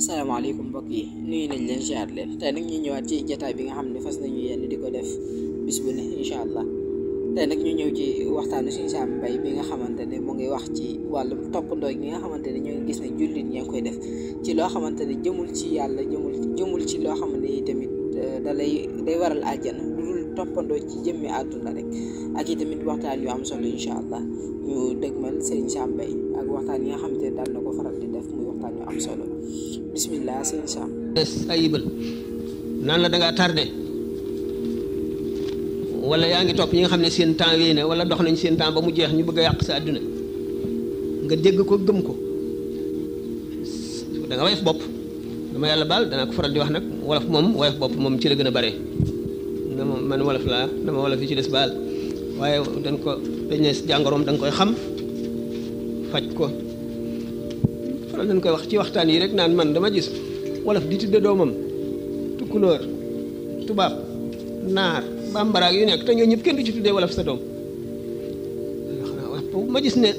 asalaamaaleykum mbokk yi nuyu nañ leen ziar leen tey nag ñu ñëwaat ci jataay bi nga xam ne fas nañu yenn di ko def bis bu ne incha allah tey nag ñu ñëw ci waxtaanu Sëriñ Sam bi nga xamante ne mu ngi wax ci wàllum toppandoo gi nga xamante ne ñoo gis ne jullit ñee koy def ci loo xamante ne jëmul ci yàlla jëmul jëmul ci loo xam ne tamit eh, da lay day waral àjjana lu ci jëmmi àdduna rek ak i tamit waxtaan yu am solo incha allah ñu dëgmal Sëriñ Sam Mbaye ak waxtaan yi nga xamante ne daal na ko faral di def waxtaan yu am solo bisimilah sëñ Sam ayibal naan la da ngaa tardé wala yaa ngi topp ñi nga xam ne seen temps wéy na wala dox nañ seen temps ba mu jeex ñu bëgg a yàq sa àdduna nga dégg ko gëm ko da nga woyof bopp dama yàlla baal danaa ko faral di wax nag wolof moom woyof bopp moom ci la gën a bare na ma man wolof laa dama wolof yi ci des baal waaye dañ ko dañ ne jàngoroom da koy xam faj ko loolu dañ koy wax ci waxtaan yi rek naan man dama gis wolof di tudde doomam tukkulóor tubaab naar bambaraag yu nekk te ñoo ñëpp kenn du ci tuddee wolof sa doom ma gis ne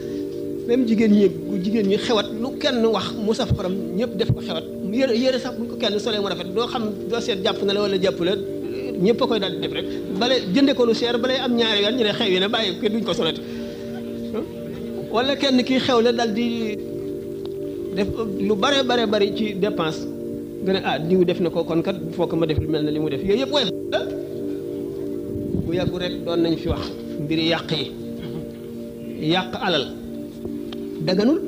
même jigéen ñi jigéen ñi xewat lu kenn wax mu saf xorom ñëpp def ko xewat yére yére sax buñ ko kenn solee mu rafet doo xam doo seet jàpp na la wala jàpp la ñëpp a koy daal di def rek bale jënde ko lu seer bale am ñaari yoon ñu ne xew yi ne bàyyi kenn duñ ko solati wala kenn kii xew la daal di def lu bare bare bari ci dépense nga ne ah diw def na ko kon kat foo ko ma def lu mel na li mu def yooyu yëpp wees bu yàggu rek doon nañ fi wax mbiri yàq yi yàq alal daganul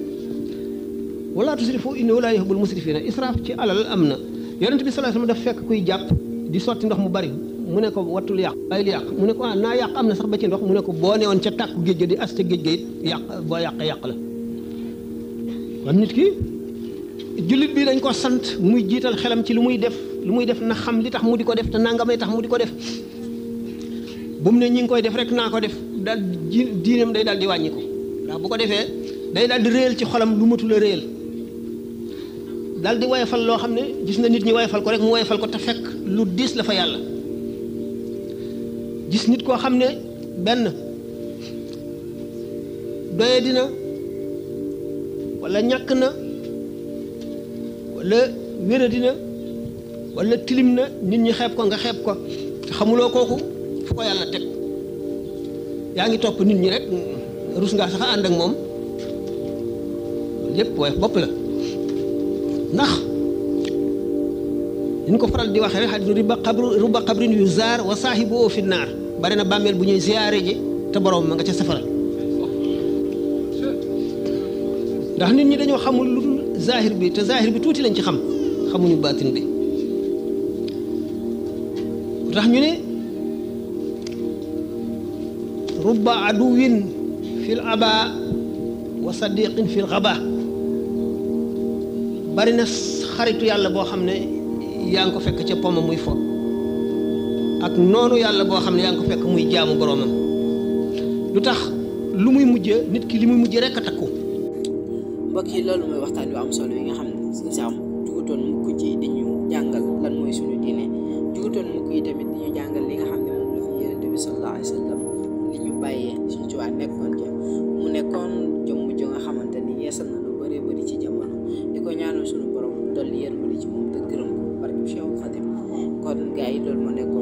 wala tusrifu innahu laa yuhibbul musrifina israaf ci alal am na yonent bi sallallahu alayhi def fekk kuy jàpp di sotti ndox mu bari mu ne ko wattul yàq bàyyil yàq mu ne ko ah naa yàq am na sax ba ci ndox mu ne ko boo newoon ca tàkku géej ga di as ca géej ga it yàq boo yàq yàq la waa nit ki jullit bii dañ koo sant muy jiital xelam ci lu muy def lu muy def na xam li tax mu di ko def te nangamay tax mu di ko def bu mu ne ñi ngi koy def rek naa ko def daal diineem day daal di wàññiku ko bu ko defee day daal di réel ci xolam lu matul a réel daal di woyofal loo xam ne gis na nit ñi woyofal ko rek mu woyofal ko te fekk lu diis la fa yàlla gis nit koo xam ne benn doye dina wala ñàkk na wala wéradi na tilim na nit ñi xeeb ko nga xeeb ko xamuloo kooku fu ko yàlla teg yaa ngi topp nit ñi rek rus ngaa sax ànd ak moom lépp waaye bopp la ndax liñ ko faral di waxee rek xadis ruba xabru ruba xabrin yu zaar wa saahibu fi naar bare na bàmmeel bu ñuy ziyaare ji te borom ma nga ca safara ndax nit ñi dañoo xamul lu dul zahir bi te zahir bi tuuti lañ ci xam xamuñu baatin bi tax ñu ne rubba aduwin fil aba wa sadiqin fil xaba bari na xaritu yàlla boo xam ne yaa ngi ko fekk ca poma muy fo ak noonu yàlla boo xam ne yaa ngi ko fekk muy jaamu boroomam lu tax lu muy mujj nit ki li muy mujj rekk a takku mbokk yi loolu mooy waxtaan yu am solo yi nga xam ne suñu saam jugutoon mukk ci di ñu jàngal lan mooy suñu diine jugutoon mukk yi tamit di ñu jàngal li nga xam ne moom la fi yonent bi sallallahu alayhi wa ñu bàyyee suñu ci waa nekkoon ca mu nekkoon jëmm jo nga xamante ni yeesal na lu bëree ci jamono di ko ñaanal suñu borom dolli yërmande ci moom te gërëm ko barke Cheikh Khadim kon gars yi loolu moo nekk